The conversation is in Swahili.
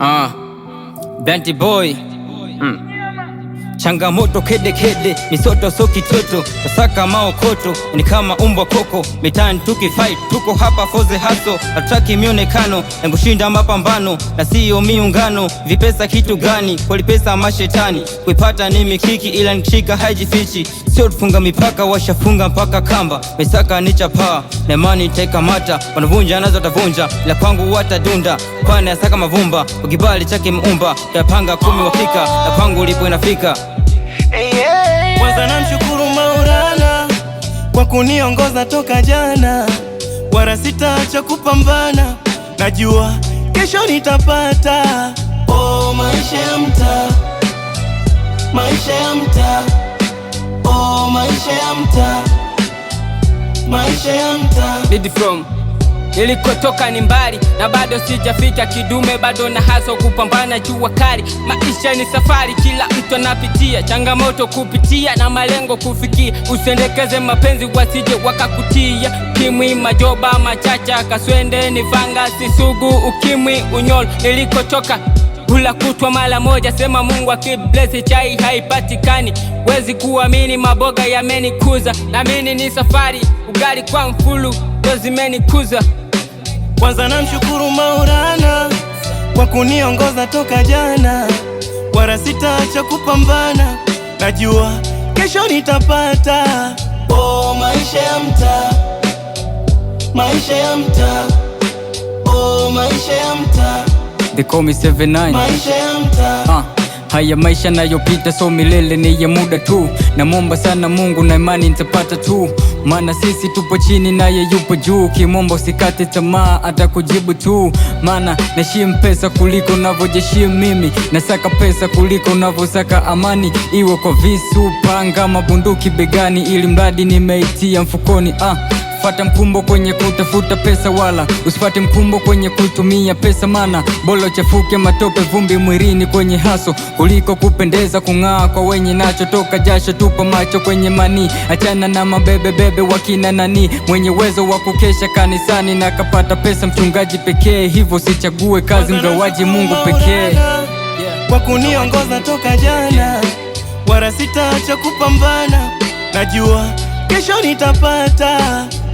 Uh, Benty Boy. Mm. changamoto kede kedekede, misoto so kitoto, nasaka maokoto ni kama umbwa koko mitani, tukifight tuko hapa for the hustle, hatutaki mionekano na kushinda mapambano na siyo miungano. Vipesa kitu gani? Kweli pesa mashetani, kuipata ni mikiki, ila nikishika haijifichi, sio tufunga mipaka, washafunga mpaka kamba, misaka ni chapaa na imani taikamata, wanavunja nazo watavunja, ila kwangu watadunda pane asaka mavumba, ukibali chake muumba yapanga kumi wafika na kwangu lipo inafika kwanza mshukuru Maulana kwa kuniongoza toka jana, wala sitaacha kupambana, najua kesho nitapata. Oh, maisha ya mtaa, maisha ya mtaa, oh, maisha ya mtaa, maisha ya mtaa Nilikotoka ni mbali na bado sijafika kidume, bado na haso kupambana jua kali. Maisha ni safari, kila mtu anapitia changamoto kupitia na malengo kufikia. Usendekeze mapenzi wasije wakakutia kimwi, majoba, machacha, kaswende, ni vanga, sisugu, ukimwi, unyolo. Nilikotoka hula kutwa mara moja, sema Mungu akiblesi chai haipatikani. Wezi kuamini maboga yamenikuza, na ni safari, ugali kwa mfulu ndio zimenikuza. Kwanza namshukuru Maulana kwa kuniongoza toka jana, wala sitaacha kupambana, najua kesho nitapata. Oh, maisha ya mtaa, maisha ya mtaa, oh, maisha ya mtaa, they call me 79 maisha ya mtaa Haya maisha nayopita so milele ni ya muda tu, namwomba sana Mungu na imani nitapata tu, maana sisi tupo chini naye yupo juu. Kimomba usikate tamaa, atakujibu tu, maana nashimu pesa kuliko unavyojeshimu mimi, nasaka pesa kuliko unavyosaka amani, iwe kwa visu, panga, mabunduki begani, ili mradi nimeitia mfukoni ah. Fata mkumbo kwenye kutafuta pesa, wala usifate mkumbo kwenye kutumia pesa, mana bolo chafuke matope vumbi mwirini kwenye haso kuliko kupendeza kung'aa kwa wenye nacho. Toka jasho, tupa macho kwenye manii, achana na mabebebebe wakina nani. Mwenye uwezo wa kukesha kanisani na kapata pesa mchungaji pekee, hivyo sichague kazi mgawaji, Mungu pekee kwa kuniongoza toka jana, wala sitaacha kupambana, najua kesho nitapata.